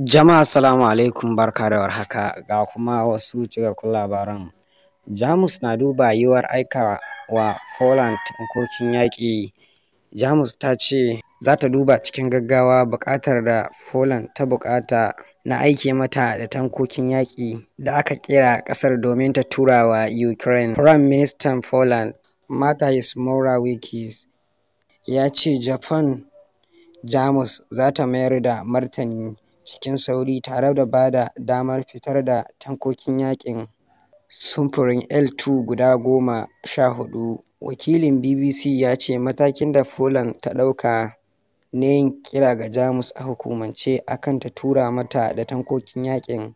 Jama'a salamu alaikum barka da warhaka ga kuma wasu cikakkun labaran. Jamus na duba yiwuwar aika wa Poland tankokin yaƙi. Jamus ta ce za ta duba cikin gaggawa buƙatar da Poland ta buƙata na aiki mata da tankokin yaƙi da aka ƙera ƙasar domin ta tura wa Ukraine. Prime Minister Poland Matthijs Morawiecki ya ce Japan Jamus za ta mayar da martani cikin sauri tare da ba da damar fitar da tankokin yaƙin sumfurin L-2 guda goma sha hudu, wakilin BBC ya ce matakin da Folan ta ɗauka ne yin kira ga Jamus a hukumance a ta tura mata da tankokin yaƙin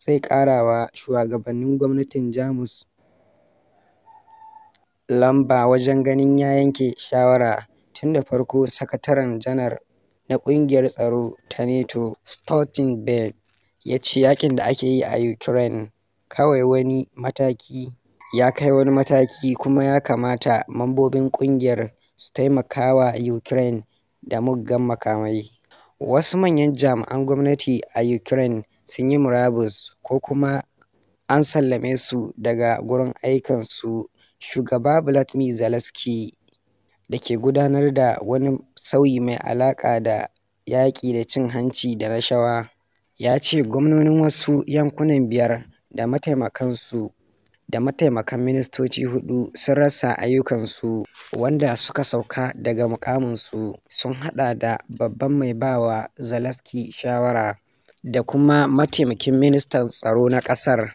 zai ƙara wa shugabannin gwamnatin Jamus lamba wajen ganin ya yanke shawara tun da farko Sakataren Janar na Ƙungiyar Tsaro ta NATO Stoltenberg ya ce yakin da ake yi a Ukraine "kawai wani mataki, ya kai wani mataki kuma ya kamata mambobin ƙungiyar su taimaka wa Ukraine da muggan makamai." Wasu manyan jami'an gwamnati a Ukraine sun yi murabus ko kuma an sallame su daga gurin aikinsu, Shugaba Vladimir Zelensky da ke gudanar da wani sauyi mai alaƙa da yaƙi da cin hanci da rashawa, ya ce gwamnonin wasu yankunan biyar da su da mataimakan ministoci Hudu sun rasa ayyukansu wanda suka sauka daga muƙaminsu sun haɗa da babban mai bawa zalaski shawara da kuma mataimakin ministan tsaro na ƙasar.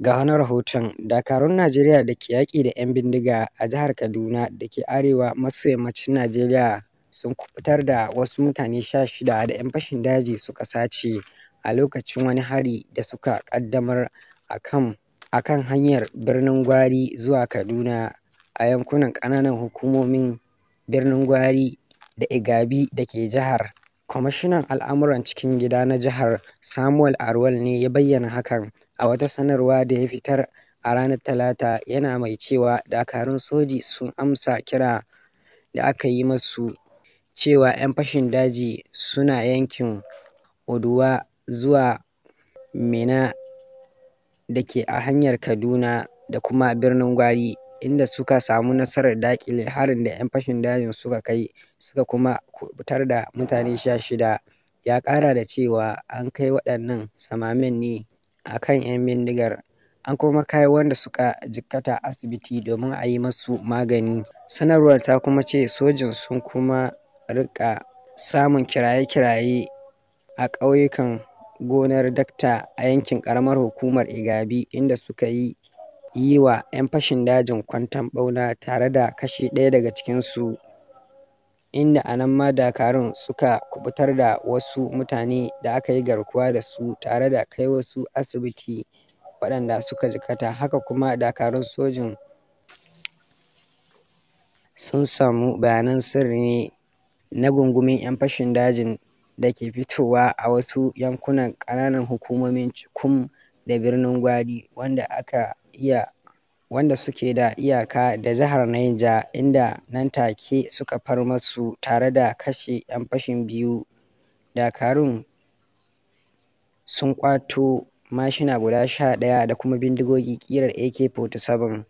Ga wani rahoton, dakarun Najeriya da ke yaƙi da 'yan bindiga a jihar Kaduna da ke arewa maso yammacin Najeriya sun kubutar da wasu mutane sha shida da 'yan fashin daji suka sace a lokacin wani hari da suka ƙaddamar a kan hanyar birnin Gwari zuwa Kaduna a yankunan ƙananan hukumomin birnin Gwari da Igabi da ke jihar. Kwamishinan Al'amuran Cikin Gida na Jihar Samuel arwal ne ya bayyana hakan a wata sanarwa da ya fitar a ranar Talata, yana mai cewa dakarun soji sun amsa kira da aka yi masu cewa ‘yan fashin daji suna yankin Oduwa zuwa Minna da ke a hanyar Kaduna da kuma birnin Gwari. inda suka samu nasarar daƙile harin da 'yan fashin dajin suka kai suka kuma kubutar da mutane shida, ya ƙara da cewa an kai waɗannan samamin ne a kan 'yan bindigar, an kuma kai wanda suka jikkata asibiti domin a yi masu magani. Sanarwar ta kuma ce sojin sun kuma riƙa samun kiraye-kiraye a ƙauyukan gonar Dakta a yankin ƙaramar hukumar Igabi inda suka yi yi wa 'yan fashin dajin kwantan ɓauna tare da kashi ɗaya daga cikinsu, inda a nan ma dakarun suka kubutar da wasu mutane da aka yi garkuwa da su tare da kai wasu asibiti waɗanda suka jikata haka kuma dakarun sojin sun samu bayanan sirri ne na gungumin 'yan fashin dajin da ke fitowa a wasu yankunan ƙananan hukumomin cikin da birnin Gwari, wanda aka wanda suke da iyaka da jihar Niger inda nan take suka far masu tare da kashe 'yan fashin biyu. Dakarun sun kwato mashina guda 11 da kuma bindigogi kirar AK-47.